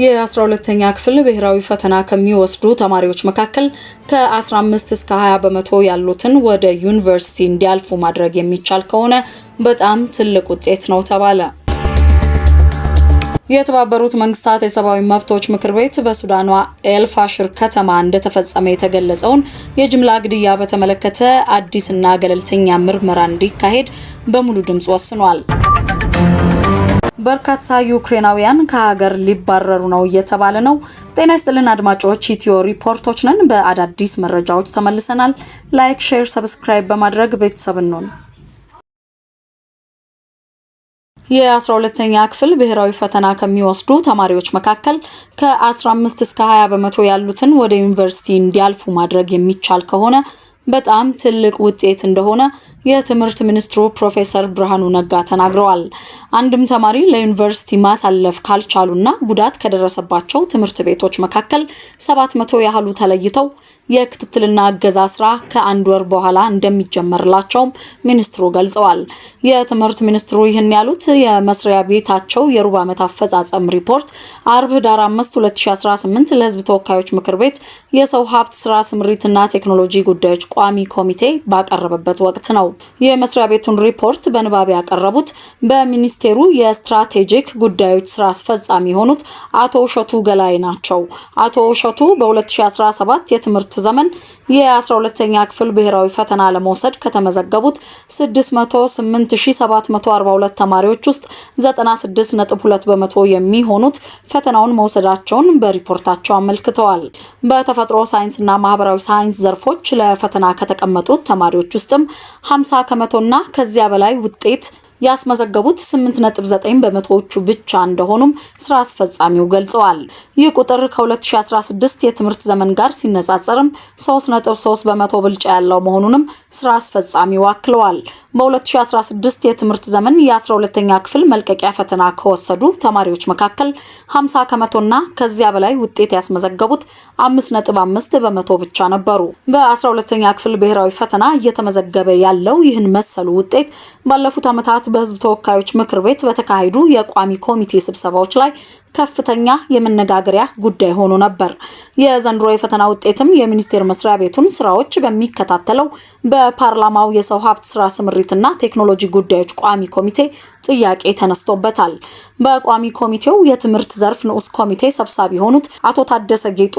የ12ተኛ ክፍል ብሔራዊ ፈተና ከሚወስዱ ተማሪዎች መካከል ከ15 እስከ 20 በመቶ ያሉትን ወደ ዩኒቨርሲቲ እንዲያልፉ ማድረግ የሚቻል ከሆነ በጣም ትልቅ ውጤት ነው ተባለ። የተባበሩት መንግስታት የሰብአዊ መብቶች ምክር ቤት በሱዳኗ ኤልፋሽር ከተማ እንደተፈጸመ የተገለጸውን የጅምላ ግድያ በተመለከተ አዲስና ገለልተኛ ምርመራ እንዲካሄድ በሙሉ ድምፅ ወስኗል። በርካታ ዩክሬናውያን ከሀገር ሊባረሩ ነው እየተባለ ነው። ጤና ይስጥልን አድማጮች፣ ኢትዮ ሪፖርቶች ነን። በአዳዲስ መረጃዎች ተመልሰናል። ላይክ፣ ሼር፣ ሰብስክራይብ በማድረግ ቤተሰብ እንሆን። የ12ኛ ክፍል ብሔራዊ ፈተና ከሚወስዱ ተማሪዎች መካከል ከ15 እስከ 20 በመቶ ያሉትን ወደ ዩኒቨርሲቲ እንዲያልፉ ማድረግ የሚቻል ከሆነ በጣም ትልቅ ውጤት እንደሆነ የትምህርት ሚኒስትሩ ፕሮፌሰር ብርሃኑ ነጋ ተናግረዋል። አንድም ተማሪ ለዩኒቨርሲቲ ማሳለፍ ካልቻሉና ጉዳት ከደረሰባቸው ትምህርት ቤቶች መካከል ሰባት መቶ ያህሉ ተለይተው የክትትልና እገዛ ስራ ከአንድ ወር በኋላ እንደሚጀመርላቸውም ሚኒስትሩ ገልጸዋል። የትምህርት ሚኒስትሩ ይህን ያሉት የመስሪያ ቤታቸው የሩብ ዓመት አፈጻጸም ሪፖርት አርብ ዳር 5 2018 ለህዝብ ተወካዮች ምክር ቤት የሰው ሀብት ስራ ስምሪትና ቴክኖሎጂ ጉዳዮች ቋሚ ኮሚቴ ባቀረበበት ወቅት ነው። የመስሪያ ቤቱን ሪፖርት በንባብ ያቀረቡት በሚኒስቴሩ የስትራቴጂክ ጉዳዮች ስራ አስፈጻሚ የሆኑት አቶ እሸቱ ገላይ ናቸው። አቶ እሸቱ በ2017 የትምህርት ዘመን የ12ኛ ክፍል ብሔራዊ ፈተና ለመውሰድ ከተመዘገቡት 608742 ተማሪዎች ውስጥ 96.2 በመቶ የሚሆኑት ፈተናውን መውሰዳቸውን በሪፖርታቸው አመልክተዋል። በተፈጥሮ ሳይንስና ማህበራዊ ሳይንስ ዘርፎች ለፈተና ከተቀመጡት ተማሪዎች ውስጥም 50 ከመቶና ከዚያ በላይ ውጤት ያስመዘገቡት 8.9 በመቶዎቹ ብቻ እንደሆኑም ስራ አስፈጻሚው ገልጸዋል። ይህ ቁጥር ከ2016 የትምህርት ዘመን ጋር ሲነጻጸርም 3.3 በመቶ ብልጫ ያለው መሆኑንም ስራ አስፈጻሚው አክለዋል። በ2016 የትምህርት ዘመን የ12ኛ ክፍል መልቀቂያ ፈተና ከወሰዱ ተማሪዎች መካከል 50 ከመቶና ከዚያ በላይ ውጤት ያስመዘገቡት 5.5 በመቶ ብቻ ነበሩ። በ12ኛ ክፍል ብሔራዊ ፈተና እየተመዘገበ ያለው ይህን መሰሉ ውጤት ባለፉት ዓመታት በህዝብ ተወካዮች ምክር ቤት በተካሄዱ የቋሚ ኮሚቴ ስብሰባዎች ላይ ከፍተኛ የመነጋገሪያ ጉዳይ ሆኖ ነበር። የዘንድሮ የፈተና ውጤትም የሚኒስቴር መስሪያ ቤቱን ስራዎች በሚከታተለው በፓርላማው የሰው ሀብት ስራ ስምሪትና ቴክኖሎጂ ጉዳዮች ቋሚ ኮሚቴ ጥያቄ ተነስቶበታል። በቋሚ ኮሚቴው የትምህርት ዘርፍ ንዑስ ኮሚቴ ሰብሳቢ የሆኑት አቶ ታደሰ ጌጡ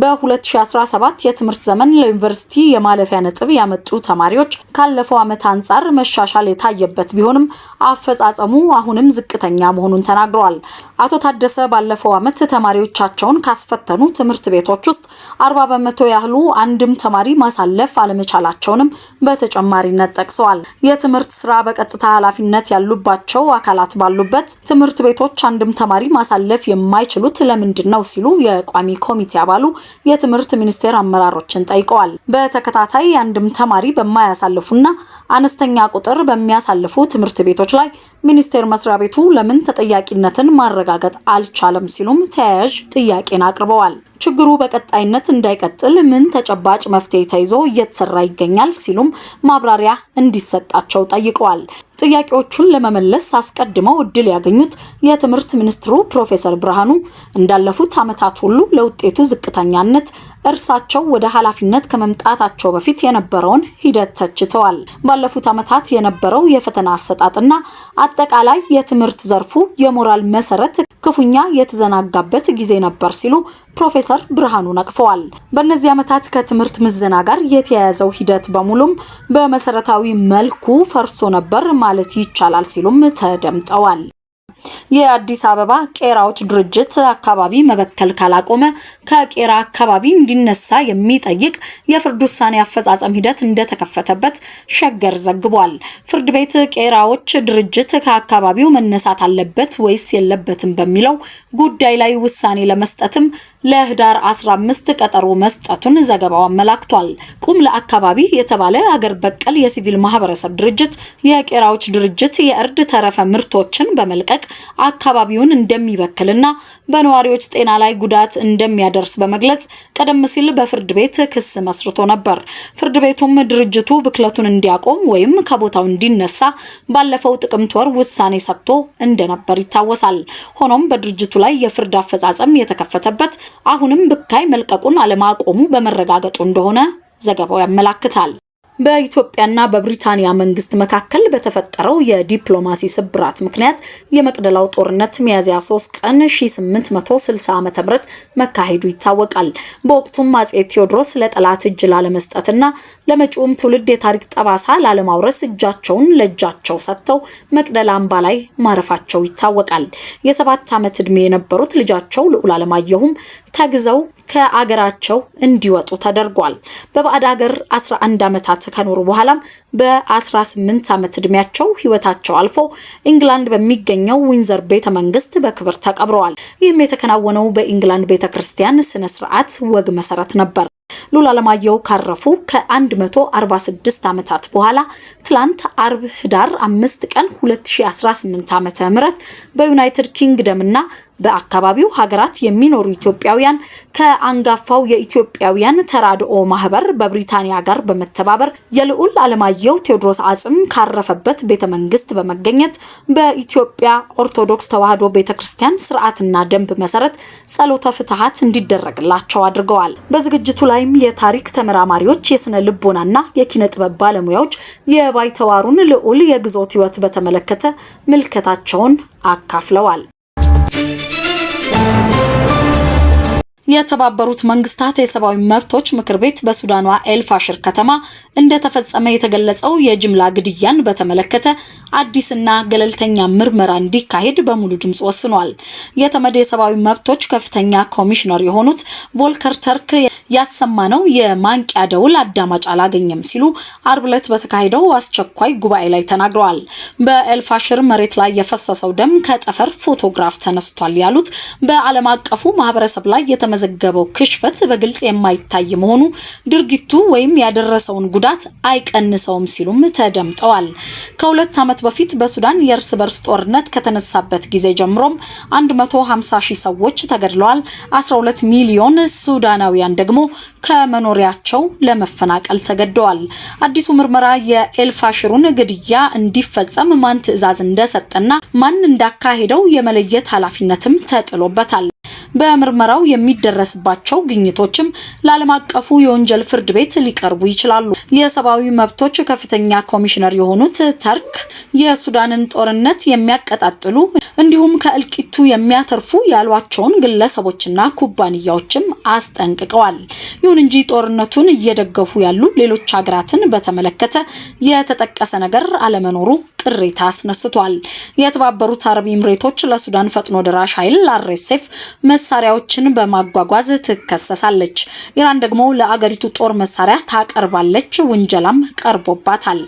በ2017 የትምህርት ዘመን ለዩኒቨርሲቲ የማለፊያ ነጥብ ያመጡ ተማሪዎች ካለፈው ዓመት አንጻር መሻሻል የታየበት ቢሆንም አፈጻጸሙ አሁንም ዝቅተኛ መሆኑን ተናግረዋል። አቶ ታደሰ ባለፈው ዓመት ተማሪዎቻቸውን ካስፈተኑ ትምህርት ቤቶች ውስጥ 40 በመቶ ያህሉ አንድም ተማሪ ማሳለፍ አለመቻላቸውንም በተጨማሪነት ጠቅሰዋል። የትምህርት ስራ በቀጥታ ኃላፊነት ያሉባቸው አካላት ባሉበት ትምህርት ቤቶች አንድም ተማሪ ማሳለፍ የማይችሉት ለምንድን ነው ሲሉ የቋሚ ኮሚቴ አባሉ የትምህርት ሚኒስቴር አመራሮችን ጠይቀዋል። በተከታታይ አንድም ተማሪ በማያሳልፉና አነስተኛ ቁጥር በሚያሳልፉ ትምህርት ቤቶች ላይ ሚኒስቴር መስሪያ ቤቱ ለምን ተጠያቂነትን ማረጋገጥ አልቻለም? ሲሉም ተያያዥ ጥያቄን አቅርበዋል። ችግሩ በቀጣይነት እንዳይቀጥል ምን ተጨባጭ መፍትሄ ተይዞ እየተሰራ ይገኛል? ሲሉም ማብራሪያ እንዲሰጣቸው ጠይቀዋል። ጥያቄዎቹን ለመመለስ አስቀድመው እድል ያገኙት የትምህርት ሚኒስትሩ ፕሮፌሰር ብርሃኑ እንዳለፉት ዓመታት ሁሉ ለውጤቱ ዝቅተኛነት እርሳቸው ወደ ኃላፊነት ከመምጣታቸው በፊት የነበረውን ሂደት ተችተዋል። ባለፉት ዓመታት የነበረው የፈተና አሰጣጥና አጠቃላይ የትምህርት ዘርፉ የሞራል መሰረት ክፉኛ የተዘናጋበት ጊዜ ነበር ሲሉ ፕሮፌሰር ብርሃኑ ነቅፈዋል። በእነዚህ ዓመታት ከትምህርት ምዘና ጋር የተያያዘው ሂደት በሙሉም በመሰረታዊ መልኩ ፈርሶ ነበር ማለት ይቻላል ሲሉም ተደምጠዋል። የአዲስ አበባ ቄራዎች ድርጅት አካባቢ መበከል ካላቆመ ከቄራ አካባቢ እንዲነሳ የሚጠይቅ የፍርድ ውሳኔ አፈጻጸም ሂደት እንደተከፈተበት ሸገር ዘግቧል። ፍርድ ቤት ቄራዎች ድርጅት ከአካባቢው መነሳት አለበት ወይስ የለበትም በሚለው ጉዳይ ላይ ውሳኔ ለመስጠትም ለህዳር 15 ቀጠሮ መስጠቱን ዘገባው አመላክቷል። ቁም ለአካባቢ የተባለ አገር በቀል የሲቪል ማህበረሰብ ድርጅት የቄራዎች ድርጅት የእርድ ተረፈ ምርቶችን በመልቀቅ አካባቢውን እንደሚበክልና በነዋሪዎች ጤና ላይ ጉዳት እንደሚያደርስ በመግለጽ ቀደም ሲል በፍርድ ቤት ክስ መስርቶ ነበር። ፍርድ ቤቱም ድርጅቱ ብክለቱን እንዲያቆም ወይም ከቦታው እንዲነሳ ባለፈው ጥቅምት ወር ውሳኔ ሰጥቶ እንደነበር ይታወሳል። ሆኖም በድርጅቱ ላይ የፍርድ አፈጻጸም የተከፈተበት አሁንም ብካይ መልቀቁን አለማቆሙ በመረጋገጡ እንደሆነ ዘገባው ያመላክታል። በኢትዮጵያና በብሪታንያ መንግስት መካከል በተፈጠረው የዲፕሎማሲ ስብራት ምክንያት የመቅደላው ጦርነት ሚያዝያ 3 ቀን 1860 ዓ.ም መካሄዱ ይታወቃል። በወቅቱም አጼ ቴዎድሮስ ለጠላት እጅ ላለመስጠትና ለመጪውም ትውልድ የታሪክ ጠባሳ ላለማውረስ እጃቸውን ለእጃቸው ሰጥተው መቅደላ አምባ ላይ ማረፋቸው ይታወቃል። የሰባት ዓመት ዕድሜ የነበሩት ልጃቸው ልዑል አለማየሁም ተግዘው ከአገራቸው እንዲወጡ ተደርጓል። በባዕድ አገር 11 ዓመታት ከኖሩ በኋላም በ18 ዓመት ዕድሜያቸው ህይወታቸው አልፎ ኢንግላንድ በሚገኘው ዊንዘር ቤተ መንግስት በክብር ተቀብረዋል። ይህም የተከናወነው በኢንግላንድ ቤተ ክርስቲያን ስነ ስርዓት ወግ መሰረት ነበር። ሉላ አለማየሁ ካረፉ ከ146 ዓመታት በኋላ ትላንት አርብ ህዳር አምስት ቀን 2018 ዓ.ም በዩናይትድ ኪንግደም እና በአካባቢው ሀገራት የሚኖሩ ኢትዮጵያውያን ከአንጋፋው የኢትዮጵያውያን ተራድኦ ማህበር በብሪታንያ ጋር በመተባበር የልዑል አለማየሁ ቴዎድሮስ አጽም ካረፈበት ቤተ መንግስት በመገኘት በኢትዮጵያ ኦርቶዶክስ ተዋህዶ ቤተ ክርስቲያን ስርዓትና ደንብ መሰረት ጸሎተ ፍትሐት እንዲደረግላቸው አድርገዋል። በዝግጅቱ ላይም የታሪክ ተመራማሪዎች፣ የስነ ልቦናና የኪነ ጥበብ ባለሙያዎች የባይተዋሩን ልዑል የግዞት ሕይወት በተመለከተ ምልከታቸውን አካፍለዋል። የተባበሩት መንግስታት የሰብአዊ መብቶች ምክር ቤት በሱዳኗ ኤልፋሽር ከተማ እንደተፈጸመ የተገለጸው የጅምላ ግድያን በተመለከተ አዲስና ገለልተኛ ምርመራ እንዲካሄድ በሙሉ ድምፅ ወስኗል። የተመድ የሰብአዊ መብቶች ከፍተኛ ኮሚሽነር የሆኑት ቮልከር ተርክ ያሰማነው የማንቂያ ደውል አዳማጭ አላገኘም ሲሉ አርብ ዕለት በተካሄደው አስቸኳይ ጉባኤ ላይ ተናግረዋል። በኤልፋሽር መሬት ላይ የፈሰሰው ደም ከጠፈር ፎቶግራፍ ተነስቷል ያሉት በዓለም አቀፉ ማህበረሰብ ላይ የተመዘገበው ክሽፈት በግልጽ የማይታይ መሆኑ ድርጊቱ ወይም ያደረሰውን ጉዳት አይቀንሰውም ሲሉም ተደምጠዋል። ከሁለት ዓመት በፊት በሱዳን የእርስ በርስ ጦርነት ከተነሳበት ጊዜ ጀምሮም 150 ሺህ ሰዎች ተገድለዋል፣ 12 ሚሊዮን ሱዳናውያን ደግሞ ደግሞ ከመኖሪያቸው ለመፈናቀል ተገደዋል። አዲሱ ምርመራ የኤልፋሽሩን ግድያ እንዲፈጸም ማን ትዕዛዝ እንደሰጠና ማን እንዳካሄደው የመለየት ኃላፊነትም ተጥሎበታል። በምርመራው የሚደረስባቸው ግኝቶችም ለዓለም አቀፉ የወንጀል ፍርድ ቤት ሊቀርቡ ይችላሉ። የሰብአዊ መብቶች ከፍተኛ ኮሚሽነር የሆኑት ተርክ የሱዳንን ጦርነት የሚያቀጣጥሉ እንዲሁም ከእልቂቱ የሚያተርፉ ያሏቸውን ግለሰቦችና ኩባንያዎችም አስጠንቅቀዋል። ይሁን እንጂ ጦርነቱን እየደገፉ ያሉ ሌሎች ሀገራትን በተመለከተ የተጠቀሰ ነገር አለመኖሩ ቅሬታ አስነስቷል። የተባበሩት አረብ ኤምሬቶች ለሱዳን ፈጥኖ ደራሽ ኃይል ለአርኤስኤፍ መሳሪያዎችን በማጓጓዝ ትከሰሳለች። ኢራን ደግሞ ለአገሪቱ ጦር መሳሪያ ታቀርባለች፣ ውንጀላም ቀርቦባታል።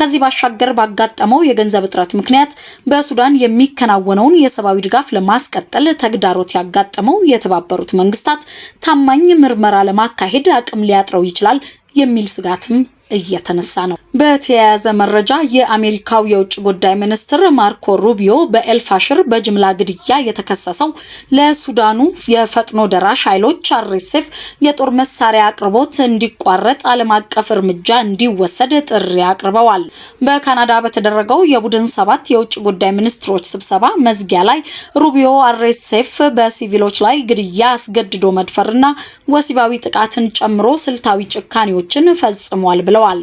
ከዚህ ባሻገር ባጋጠመው የገንዘብ እጥረት ምክንያት በሱዳን የሚከናወነውን የሰብአዊ ድጋፍ ለማስቀጠል ተግዳሮት ያጋጠመው የተባበሩት መንግስታት ታማኝ ምርመራ ለማካሄድ አቅም ሊያጥረው ይችላል የሚል ስጋትም እየተነሳ ነው። በተያያዘ መረጃ የአሜሪካው የውጭ ጉዳይ ሚኒስትር ማርኮ ሩቢዮ በኤልፋሽር በጅምላ ግድያ የተከሰሰው ለሱዳኑ የፈጥኖ ደራሽ ኃይሎች አሬሴፍ የጦር መሳሪያ አቅርቦት እንዲቋረጥ ዓለም አቀፍ እርምጃ እንዲወሰድ ጥሪ አቅርበዋል። በካናዳ በተደረገው የቡድን ሰባት የውጭ ጉዳይ ሚኒስትሮች ስብሰባ መዝጊያ ላይ ሩቢዮ አሬሴፍ በሲቪሎች ላይ ግድያ፣ አስገድዶ መድፈርና ወሲባዊ ጥቃትን ጨምሮ ስልታዊ ጭካኔዎችን ፈጽሟል ብለዋል። ተናግረዋል።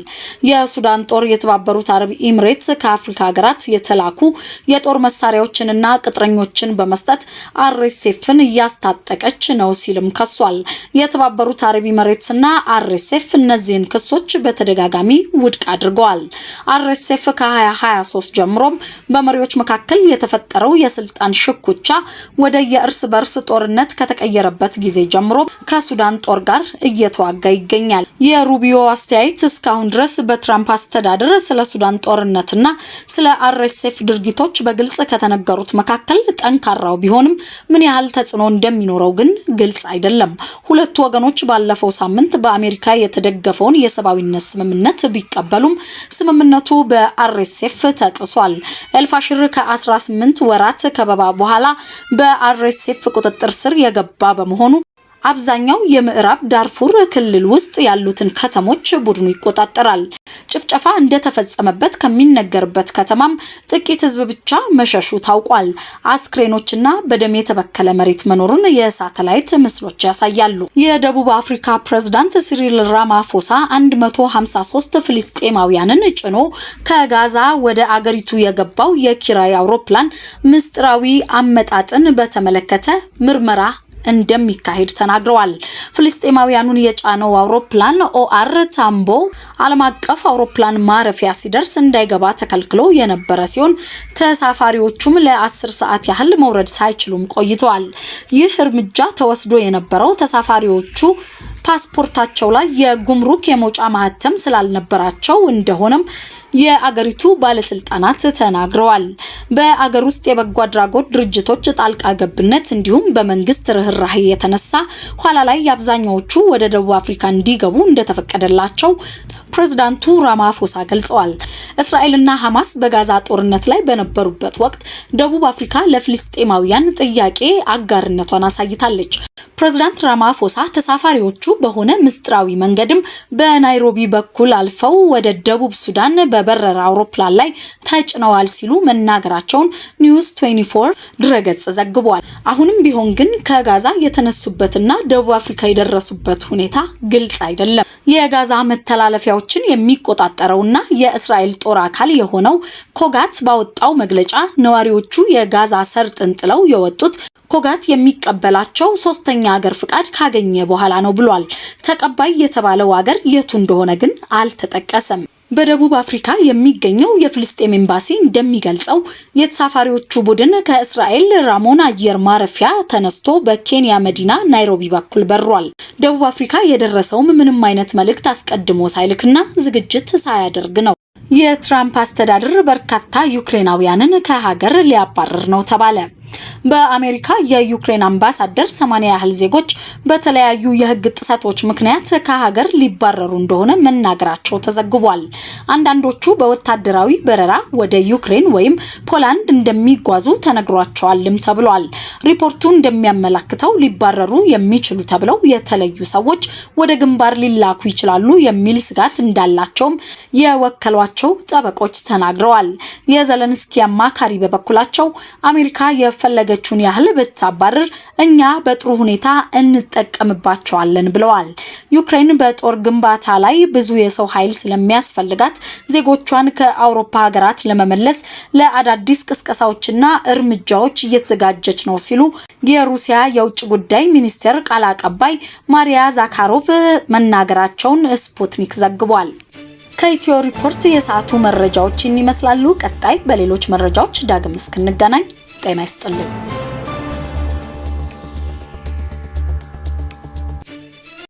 የሱዳን ጦር የተባበሩት አረብ ኤምሬትስ ከአፍሪካ ሀገራት የተላኩ የጦር መሳሪያዎችንና ቅጥረኞችን በመስጠት አርኤስኤፍን እያስታጠቀች ነው ሲልም ከሷል። የተባበሩት አረብ ኤምሬትስና አርኤስኤፍ እነዚህን ክሶች በተደጋጋሚ ውድቅ አድርገዋል። አርኤስኤፍ ከ2023 ጀምሮም በመሪዎች መካከል የተፈጠረው የስልጣን ሽኩቻ ወደ የእርስ በርስ ጦርነት ከተቀየረበት ጊዜ ጀምሮ ከሱዳን ጦር ጋር እየተዋጋ ይገኛል። የሩቢዮ አስተያየት እስካሁን ድረስ በትራምፕ አስተዳደር ስለ ሱዳን ጦርነትና ስለ አርኤስኤፍ ድርጊቶች በግልጽ ከተነገሩት መካከል ጠንካራው ቢሆንም ምን ያህል ተጽዕኖ እንደሚኖረው ግን ግልጽ አይደለም። ሁለቱ ወገኖች ባለፈው ሳምንት በአሜሪካ የተደገፈውን የሰብአዊነት ስምምነት ቢቀበሉም ስምምነቱ በአርኤስኤፍ ተጥሷል። ኤልፋሽር ከ18 ወራት ከበባ በኋላ በአርኤስኤፍ ቁጥጥር ስር የገባ በመሆኑ አብዛኛው የምዕራብ ዳርፉር ክልል ውስጥ ያሉትን ከተሞች ቡድኑ ይቆጣጠራል። ጭፍጨፋ እንደተፈጸመበት ከሚነገርበት ከተማም ጥቂት ሕዝብ ብቻ መሸሹ ታውቋል። አስክሬኖችና በደም የተበከለ መሬት መኖሩን የሳተላይት ምስሎች ያሳያሉ። የደቡብ አፍሪካ ፕሬዝዳንት ሲሪል ራማፎሳ 153 ፍልስጤማውያንን ጭኖ ከጋዛ ወደ አገሪቱ የገባው የኪራይ አውሮፕላን ምስጢራዊ አመጣጥን በተመለከተ ምርመራ እንደሚካሄድ ተናግረዋል። ፍልስጤማውያኑን የጫነው አውሮፕላን ኦአር ታምቦ ዓለም አቀፍ አውሮፕላን ማረፊያ ሲደርስ እንዳይገባ ተከልክሎ የነበረ ሲሆን ተሳፋሪዎቹም ለአስር ሰዓት ያህል መውረድ ሳይችሉም ቆይተዋል። ይህ እርምጃ ተወስዶ የነበረው ተሳፋሪዎቹ ፓስፖርታቸው ላይ የጉምሩክ የመውጫ ማህተም ስላልነበራቸው እንደሆነም የአገሪቱ ባለስልጣናት ተናግረዋል። በአገር ውስጥ የበጎ አድራጎት ድርጅቶች ጣልቃ ገብነት እንዲሁም በመንግስት ርህራሄ የተነሳ ኋላ ላይ የአብዛኛዎቹ ወደ ደቡብ አፍሪካ እንዲገቡ እንደተፈቀደላቸው ፕሬዝዳንቱ ራማፎሳ ገልጸዋል። እስራኤልና ሐማስ በጋዛ ጦርነት ላይ በነበሩበት ወቅት ደቡብ አፍሪካ ለፍልስጤማውያን ጥያቄ አጋርነቷን አሳይታለች። ፕሬዝዳንት ራማፎሳ ተሳፋሪዎቹ በሆነ ምስጢራዊ መንገድም በናይሮቢ በኩል አልፈው ወደ ደቡብ ሱዳን በበረራ አውሮፕላን ላይ ተጭነዋል ሲሉ መናገራቸውን ኒውስ 24 ድረገጽ ዘግቧል። አሁንም ቢሆን ግን ከጋዛ የተነሱበትና ደቡብ አፍሪካ የደረሱበት ሁኔታ ግልጽ አይደለም። የጋዛ መተላለፊያዎችን የሚቆጣጠረውና የእስራኤል ጦር አካል የሆነው ኮጋት ባወጣው መግለጫ ነዋሪዎቹ የጋዛ ሰርጥን ጥለው የወጡት ኮጋት የሚቀበላቸው ሶስተኛ ሀገር ፍቃድ ካገኘ በኋላ ነው ብሏል። ተቀባይ የተባለው ሀገር የቱ እንደሆነ ግን አልተጠቀሰም። በደቡብ አፍሪካ የሚገኘው የፍልስጤም ኤምባሲ እንደሚገልጸው የተሳፋሪዎቹ ቡድን ከእስራኤል ራሞን አየር ማረፊያ ተነስቶ በኬንያ መዲና ናይሮቢ በኩል በሯል። ደቡብ አፍሪካ የደረሰውም ምንም አይነት መልእክት አስቀድሞ ሳይልክና ዝግጅት ሳያደርግ ነው። የትራምፕ አስተዳደር በርካታ ዩክሬናውያንን ከሀገር ሊያባረር ነው ተባለ። በአሜሪካ የዩክሬን አምባሳደር 80 ያህል ዜጎች በተለያዩ የህግ ጥሰቶች ምክንያት ከሀገር ሊባረሩ እንደሆነ መናገራቸው ተዘግቧል። አንዳንዶቹ በወታደራዊ በረራ ወደ ዩክሬን ወይም ፖላንድ እንደሚጓዙ ተነግሯቸዋልም ተብሏል። ሪፖርቱ እንደሚያመላክተው ሊባረሩ የሚችሉ ተብለው የተለዩ ሰዎች ወደ ግንባር ሊላኩ ይችላሉ የሚል ስጋት እንዳላቸውም የወከሏቸው ጠበቆች ተናግረዋል። የዘለንስኪ አማካሪ በበኩላቸው አሜሪካ የፈ የፈለገችውን ያህል ብታባርር እኛ በጥሩ ሁኔታ እንጠቀምባቸዋለን ብለዋል። ዩክሬን በጦር ግንባታ ላይ ብዙ የሰው ኃይል ስለሚያስፈልጋት ዜጎቿን ከአውሮፓ ሀገራት ለመመለስ ለአዳዲስ ቅስቀሳዎችና እርምጃዎች እየተዘጋጀች ነው ሲሉ የሩሲያ የውጭ ጉዳይ ሚኒስቴር ቃል አቀባይ ማሪያ ዛካሮቭ መናገራቸውን ስፑትኒክ ዘግቧል። ከኢትዮ ሪፖርት የሰዓቱ መረጃዎች ይመስላሉ። ቀጣይ በሌሎች መረጃዎች ዳግም እስክንገናኝ ጤና ይስጥልኝ።